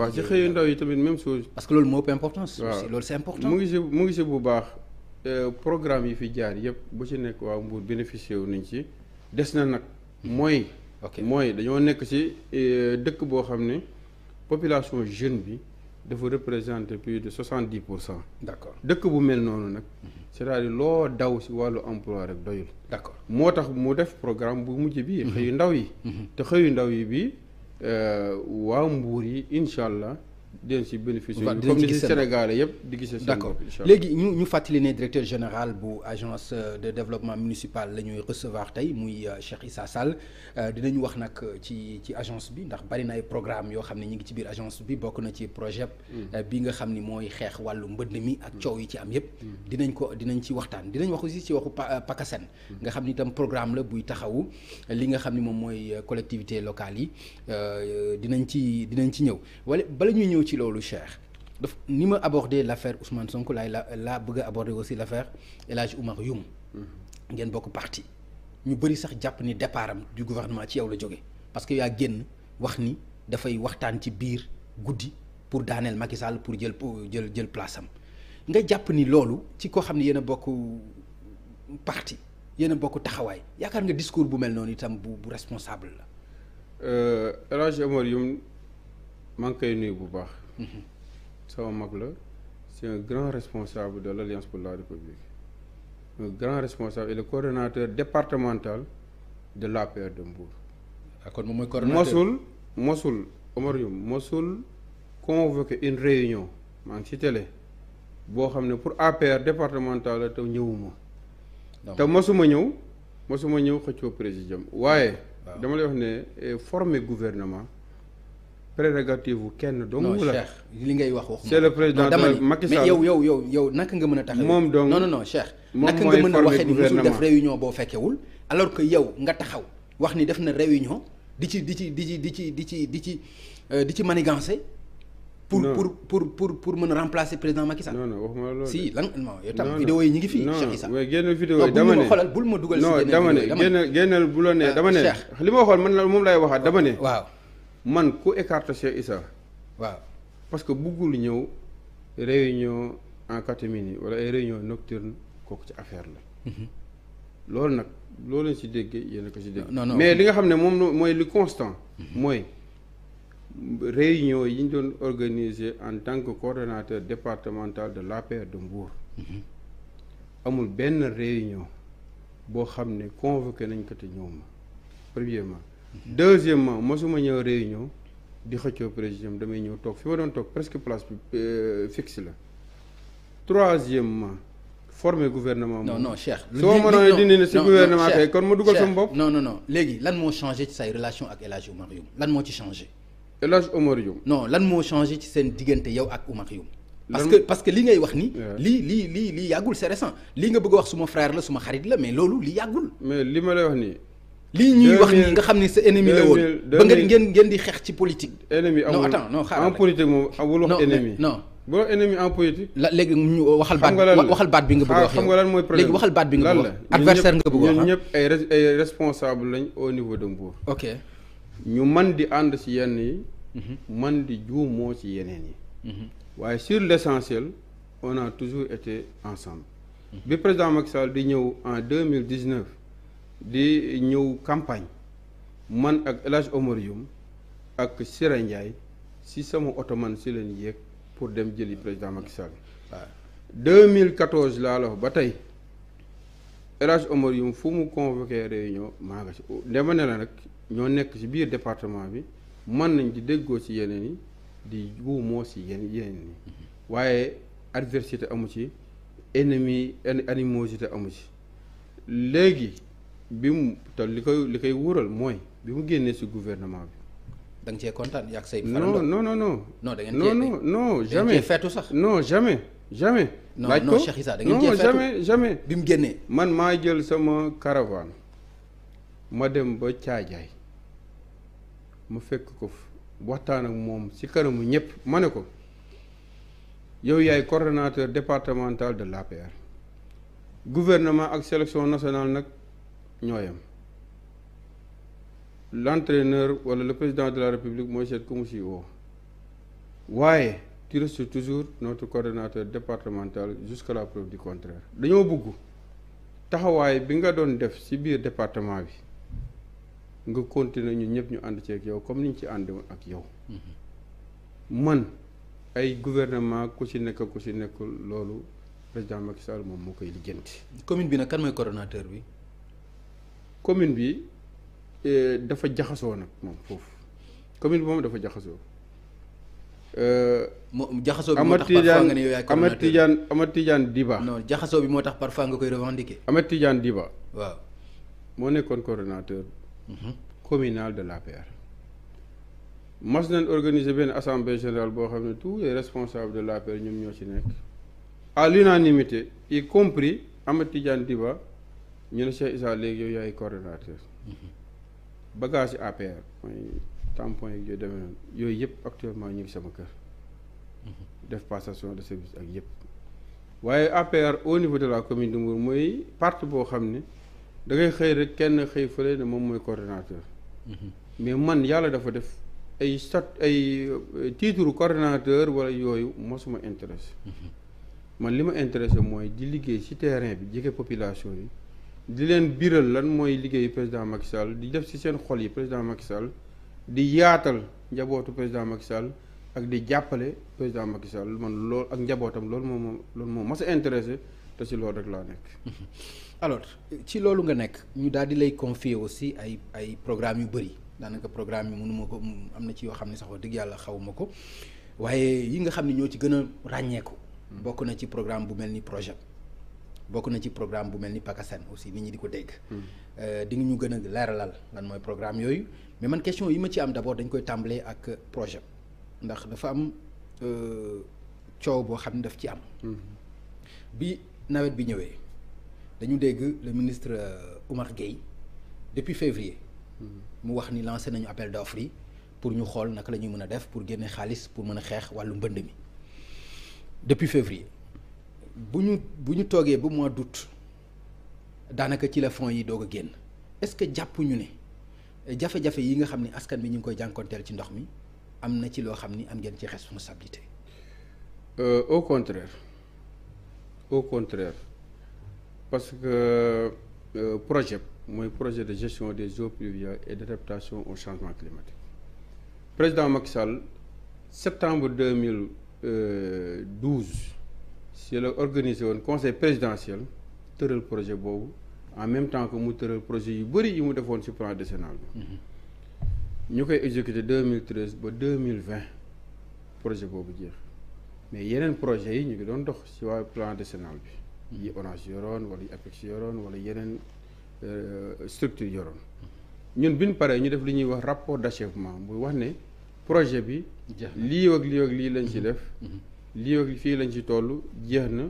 waaw ci xëyu ndaw yi tamit même chose. parce que loolu moo ëpp importance. waaw loolu important. mu si mu ngi si bu baax euh, programme yi fi jaar yëpp bu ci nekk waa Mbour bénéficié wu nañ ci des na nag hmm. mooy. ok mooy dañoo nekk ci euh, dëkk boo xam ne population jeune bi dafa représenter plus de soixante dix pour cent. d'accord dëkk bu mel noonu nag. Hmm. cest à loo daw ci wàllu emploi rek doyul. d'accord moo tax mu def programme bu mujj bi hmm. xëyu ndaw yi. te xëyu ndaw yi bii. Euh, waa mbuur yi incha allah den si bénéficier comme ni si Sénégal yëpp di gis seen d'accord léegi ñu ñu fàttali ne directeur général bu agence euh, de développement municipal la ñuy recevoir tey muy euh, Cheikh Issa Sall euh, dinañu wax nag ci ci agence bi ndax bari na ay programme yoo xam ne ñu ngi ci biir agence bi bokk na ci projet mm. bi nga xam ni mooy xeex wàllu mbënn mi ak mm. coow yi ci am yëpp mm. dinañ ko dinañ ci waxtaan dinañ wax si ci waxu PACASEN nga xam ni itam programme la buy taxawu li nga xam ni moom mooy collectivité locale yi dinañ ci dinañ ci ñëw ñëw ci loolu Cheikh daf ni ma abordé l' affaire Ousmane Sonko laay la laa bëgg a aborder aussi l' affaire El Hadj Oumar Youm mm-hmm. ngeen bokk parti ñu bëri sax jàpp ni départ am du gouvernement ci yow la jóge parce que yaa génn wax ni dafay waxtaan ci biir guddi pour daaneel Macky Sall pour jël jël jël place am nga jàpp ni loolu ci koo xam ne yéen a bokk parti yéen bokk taxawaay yaakaar nga discours bu mel noonu itam bu bu responsable la. Euh, maa ngi koy nuyu bu baax. Mhm. sama mag la c'est un grand responsable de l'Alliance pour la République un grand responsable et le coordonnateur de l'APR de Mbour. d'accord ah, moom mooy mosul mosul Omar mosul convoqué une réunion maa ngi ci télé boo xam ne pour APR départemental la te ñëwuma. te mosuma ñëw mosuma ñëw xëccoo président ah, waaye. dama lay wax ne eh, former gouvernement. prérogative bu kenn dong. la Cheikh li ngay wax wax. c'est le président de Macky yow yow yow yow naka nga mën a taxawee. moom dong non non non Cheikh. naka nga mën a waxee ni musul def réunion wax ni def na réunion di ci di ci di ci di ci di ci di ci euh, di ci manigancé. pour pour pour pour waxuma loolu dama ne xoolal bul ma ne euh, dama ne. Cheikh li ma waxoon man la moom lay waxaat dama ne. waaw. man ku écarte Cheikh Issa waaw parce que buggul ñëw réunion en catimini wala ay réunion nocturne kooku ci affaire la mhm. loolu nag loolu lañ si déggee yéen a ko si dégg mais li nga xam ne moom mooy lu constant mhm. mooy réunion yi ñu doon organiser en tant que coordinateur départemental de l'APR de Mbour mhm. amul benn réunion boo xam ne convoqué nañ ko te ñëw ma deuxièmement mosuma ñëw réunion di xëccoo président damay ñëw toog fi ma doon toog presque place bi euh, la troisièmement former gouvernement. non non Cheikh. lu soo mënoon dindi ne si kon ma dugal sama bopp. non non léegi lan moo changé ci say relation ak El Hadj lan moo ci changé. El no lan moo changé ci seen diggante yow ak Oumar Youm. parce que parce que li ngay wax ni. lii lii lii lii yàggul c'est récent lii nga bëgg a wax suma frère la suma xarit la mais loolu li yàggul. mais li ma lay wax nii. lii ñuy wax nii nga xam ne sa ennemi la woon ba ngeen ngeen ngeen di xeex ci politique. ennemi amul non attends non xaaral en politique moom amul la ennemi ñu waxal baat waxal nga bëgg a ah, xam nga lan mooy problème léegi waxal baat bi nga bëgg a wax adversaire nga bëgg a wax ñun ah? ñëpp ay niveau de Mbour. ok ñu man di ànd si yenn yi. Mhm. man di juumoo ci yeneen yi. Mhm. waaye sur l' essentiel on a toujours été ensemble. Mhm. bi président Macky Sall di ñëw en mille dix neuf di ñëw campagne man ak El Hadj ak Sira Ndiaye si sama oto man si leen yéeg pour dem jëli président Macky Sall waaw 2014 laa la ba tey El Hadj Omar Youm fu mu convoqué réunion maa nga si dama ne la nag ñoo nekk si biir département bi mën nañ di déggoo si yeneen yi di wuumoo si yenn yeneen yi mm-hmm. waaye adversité amu ci ennemi animosité amu ci léegi bi mu te li koy li koy wural mooy bi mu génnee si gouvernement bi. da nga cee kontaan yaa say. non non non non. non da ngeen non non non jamais feetu sax. non jamais jamais. laaj ko non non Cheikh bi mu génnee. man maa jël sama caravane ma dem ba Caajaay ma fekk ko waxtaan ak moom si kanamu ñëpp ma ne ko yow yaay coordonnateur départemental de la l'APR gouvernement ak sélection nationale nag. ñoo yem l'entraîneur wala le président de la république mooy seet ku mu si woo waaye tu restes toujours notre coordonnateur départemental jusqu'à la preuve du contraire dañoo bëgg taxawaay bi nga doon def ci biir département bi nga continuer ñu ñëpp ñu ànd ci ak yow comme ni ñu ci ànd ak yow mm-hmm. man ay gouvernement ku ci nekk ku ci nekkul loolu président Macky Sall moom moo koy lijjanti. commune bi nag kan mooy coordonnateur bi. commune bi euh, dafa jaxasoo nag moom foofu commune bi moom dafa jaxasoo. Euh, moom jaxasoo bi moo tax parfois nga ne yow yaay Amath Tidiane Amath Tidiane Diba. jaxasoo bi moo tax parfois nga koy revendiquer. Amath Tidiane Diba. waaw moo nekkoon coordonnateur. Mhm. communal de l'APR. mas nañ organiser benn assemblée général boo xam ne tous les responsables de l'APR ñoom ñoo ci nekk. à l'unanimité y compris Amath Tidiane Diba. ñu ne Cheikh Issa léegi yow yaay coordonnateur mm-hmm. bagage yi APR mooy tampon yi yooyu demee noonu yooyu yëpp actuellement ñu ngi sama kër mm-hmm. def passation de service ak yëpp waaye APR au niveau de la commune de Mbour mooy parti boo xam ne da ngay xëy rek kenn xëy fële ne moom mooy coordonnateur mm-hmm. mais man yàlla dafa def ay stat ay euh, titre coordonnateur wala yooyu mosuma intéressé man li ma intéressé mooy di liggéey ci terrain bi jege population yi di leen biral lan mooy liggéeyu président Macky di def si seen xol yi président Macky di yaatal njabootu président Macky ak di jàppale président Macky man loolu ak njabootam loolu moom loolu moom mas a intéressé te ci loolu rek laa nekk. alors ci loolu nga nekk ñu daal di lay confier aussi ay ay programmes yu bëri daanaka programme yi mënuma ko mu am na ci yoo xam ne sax wax dëgg yàlla xawuma ko waaye yi nga xam ne ñoo ci gën a ràññeeku. Hmm. bokk na ci programme bu mel ni projet. bokk na ci programme bu mel ni PACASEN aussi nit ñu di ko dégg. Hmm. Euh, di nga ñu gën a leeralal lan mooy programme yooyu mais man question yi ma ci am d' abord dañ koy tàmbalee ak projet ndax dafa am euh, coow boo xam ne daf ci am. Hmm. bi nawet bi ñëwee dañu dégg le ministre euh, Oumar Gueye depuis février. Hmm. mu wax ni lancé nañu appel d' offre pour ñu xool naka la ñuy mën a def pour génne xaalis pour mën a xeex wàllu mbënd mi depuis février. bu ñu bu ñu toogee ba mois d'août daanaka ci la fonds yi doog a génn est-ce que jàppu ñu ne jafe-jafe yi nga xam ni askan bi ñu ngi koy jànkonteel ci ndox mi am na ci loo xam ni am ngeen ci responsabilité. Euh, au contraire au contraire parce que euh, projet mooy projet de gestion des eaux pluviales et d'adaptation au changement climatique président Macky Sall septembre deux mille euh, douze. si la organisé woon conseil présidentiel tëral projet boobu en même temps que mu tëral projet yu bëri yi mu defoon ci plan décennal bi mhm. ñu koy exécuté 2013 ba 2020 projet boobu jeex mais yeneen projet yi ñu ngi doon dox ci waa plan décennal bi yi mhm. ONAS yoroon wala yi APEX yoroon wala yeneen euh, structure yoroon ñun biñ paree ñu def li ñuy wax rapport d'achèvement buy wax ne projet bi lii ak lii ak lii lañ ci mhm. def lio fii lañ ci toll jeex na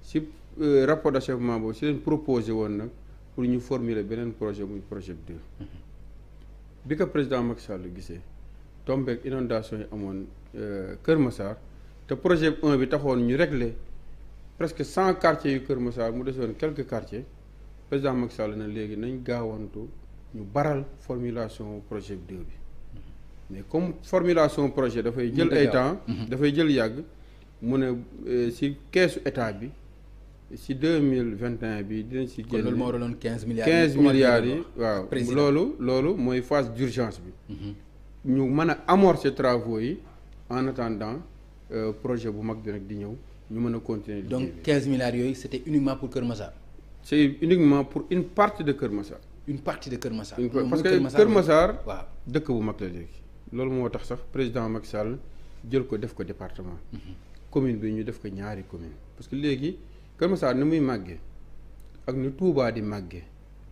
si euh, rapport d'achèvement boobu si leen proposé woon nag pour ñu formuler beneen projet muy projet 2 mm-hmm. bi ko président Macky Sall gisee tombeek inondation yi amoon euh, Kër Massar te projet 1 bi taxoon ñu régler presque cent quartiers yu Kër Massar mu desoon quelques quartiers président Macky na léegi nañ gaawantu ñu baral formulation projet bi 2 mm-hmm. bi mais comme formulation projet dafay jël ay temps mm-hmm. dafay jël yàgg mu ne euh, si keesu état bi si deux mille vingt et un bi dinañ si génn moo doon quinze milliards quinze milliards yi waaw loolu loolu mooy phase d'urgence bi mhm. ñu mën a amorcer travaux yi en attendant euh, projet bu mag bi nag di ñëw ñu mën a continuer donc quinze milliards yooyu c'était uniquement pour Kër Massar c'est uniquement pour une partie de Kër Massar une partie de Kër Massar parce que Kër Massar waaw dëkk bu mag la léegi loolu moo tax sax président Macky Sall jël ko def ko département mhm. commune bi ñu def ko ñaari commune parce que léegi Kër Massar ni muy màggee ak ni Touba di màggee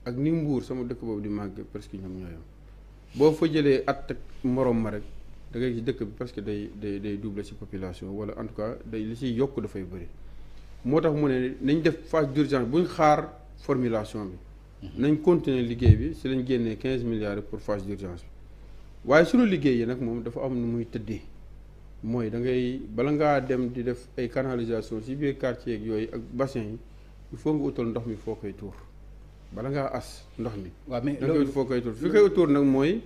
ak ni Mbour sama dëkk boobu di màggee presque ñoom ñooyam boo fa jëlee at ak morom ma rek dangay ngay gis dëkk bi parce que day day day double si population wala en tout cas day li ciy yokk dafay bëri moo tax mu ne nañ def phase d'urgence buñ xaar formulation bi nañ continuer liggéey bi si lañ génnee quinze milliards pour phase d'urgence bi waaye su liggéey nag moom dafa am nu muy tëddee mooy da ngay bala ngaa dem di def ay canalisation si biir quartier yooyu ak bassin yi il faut nga utal ndox mi foo koy tuur bala ngaa as ndox mi. waaw mais loolu foo koy tuur fi koy tuur nag mooy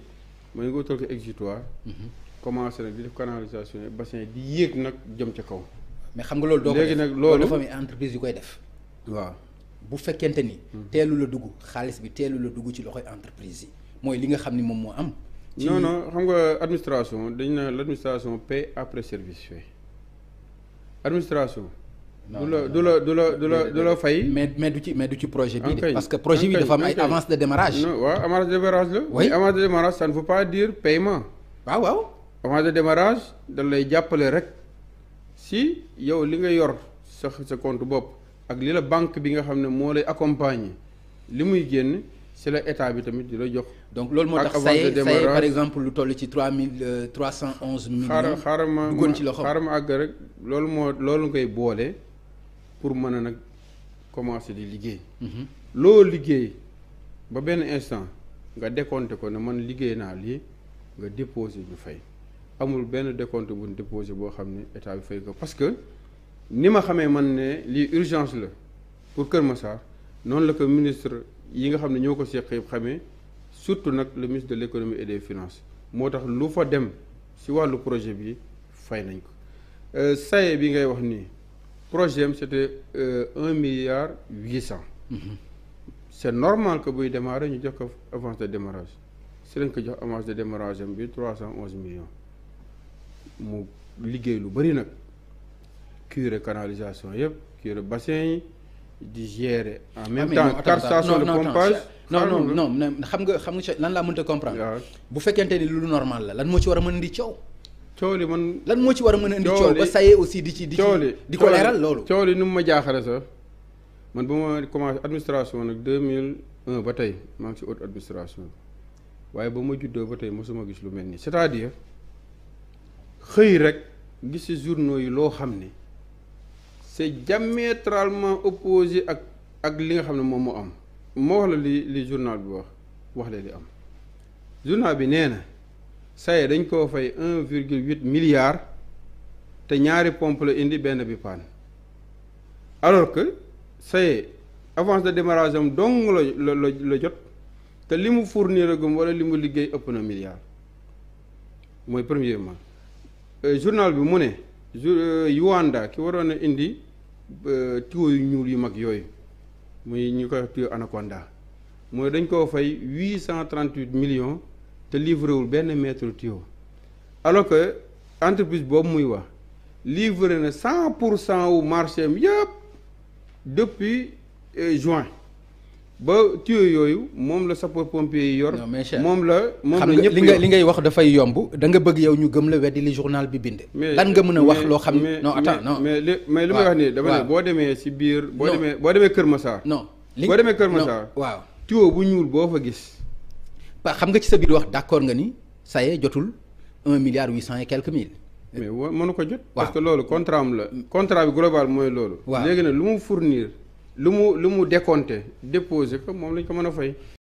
mooy nga utal ko exutoire. Mhm. commencé nag di def canalisation yi bassin di yéeg nag jëm ca kaw. mais xam nga loolu doo ko def léegi nag loolu dafa am entreprise yu koy def. waaw bu fekkente ni. Mhm. teelu la dugg xaalis bi teelu la dugg ci loxoy entreprise yi mooy li nga xam ni moom moo am. ci no xam nga administration dañ na l' administration paie après service fait administration. du la du la du la du la du la fay. mais mais du ci mais du ci projet bii de. parce que projet bi dafa am ay avance de démarrage. non waaw avance de démarrage la. oui avance de démarrage ça ne pas dire paiement. waaw waaw. avance de démarrage dañ lay jàppale rek si yow li nga yor sa sa compte bopp ak li la banque bi nga xam ne moo lay accompagner li muy génn. si la état bi tamit di la jox. donc loolu moo tax saye saye par exemple lu toll ci trois mille euh, trois cent onze millions. xaaral xaaral ma duggoon ci loxo xaaral ma àgg rek loolu moo loolu ngay boole pour mën a nag commencer di liggéey. Mhm. loo liggéey ba benn instant nga décompté ko ne man liggéey naa lii nga déposé ñu fay amul benn déconter bu ñu déposé boo xam ne état bi fay ko parce que ni ma xamee man ne lii urgence la pour Kër Massar. noonu la ko ministre yi nga xam ne ñoo ko seq yëpp xamee surtout nag le ministre de l' et des finances moo tax lu fa dem si wàllu projet bi fay nañ ko euh, saye bi ngay wax nii projet am c' était euh, un milliard huit cent mm-hmm. est normal que buy démarrer ñu jox ko avance de démarrage si lañ ko jox avance de démarrage bi trois cent onze millions mu liggéey lu bëri nag curé canalisation yëpp curé bassin yi di gérer en même ah, temps quatre stations de pompage non non non xam nga xam nga lan laa mënta comprendre bu fekkente ni lu normal la lan moo ci war a mën indi coow coow li man lan moo ci war a mën a indi coow ba sayee aussi di ci di ci di ko leeral loolu coow li nu mu ma jaaxale sax man bu ma commencé administration nag deux mille un ba tey maa ngi si haute administration waaye ba ma juddoo ba tey mosuma gis lu mel nii cest à xëy rek gis si journaux yi loo xam ne c'est diamétralement opposé ak ak li nga xam ne moom mu am moo wax la li li journal bi wax wax la li am journal bi nee na saye dañ ko fay un virgule huit milliard te ñaari pompe la indi benn bi paan alors que saye avance de démarrage am la la jot te li mu fournir agum wala li mu liggéey ëpp na milliard mooy premièrement euh, journal bi mu ne Yuanda euh, ki waroon a indi tuyau yu ñuul yu mag yooyu mu ñu koy wax tuyau anaconda mooy dañ koo fay huit cent trente huit millions te livré wul benn mètre tuyau alors que entreprise boobu muy wax livré na cent pour cent wu marché am depuis euh, juin. ba tuyau yooyu moom la sapeur pompier yi yor. moom la moom la ñëpp li nga li ngay wax dafay yomb da nga bëgg yow ñu gëm la weddi li journal bi bind. lan nga mën a wax loo xam ne non attends non. mais li mais li may wax nii dama si biir. boo demee boo demee Kër Massar. non li boo demee Kër Massar. waaw tuyau bu ñuul boo fa gis. pa xam nga ci sa biir wax d'accord nga ni ça jotul un milliard huit cent et mille. mais wa mënu ko jot. parce que loolu contrat la. contrat bi global mooy loolu. waaw léegi nag lu mu fournir. lu mu lu mu décompté déposé ko moom lañ ko mën a fay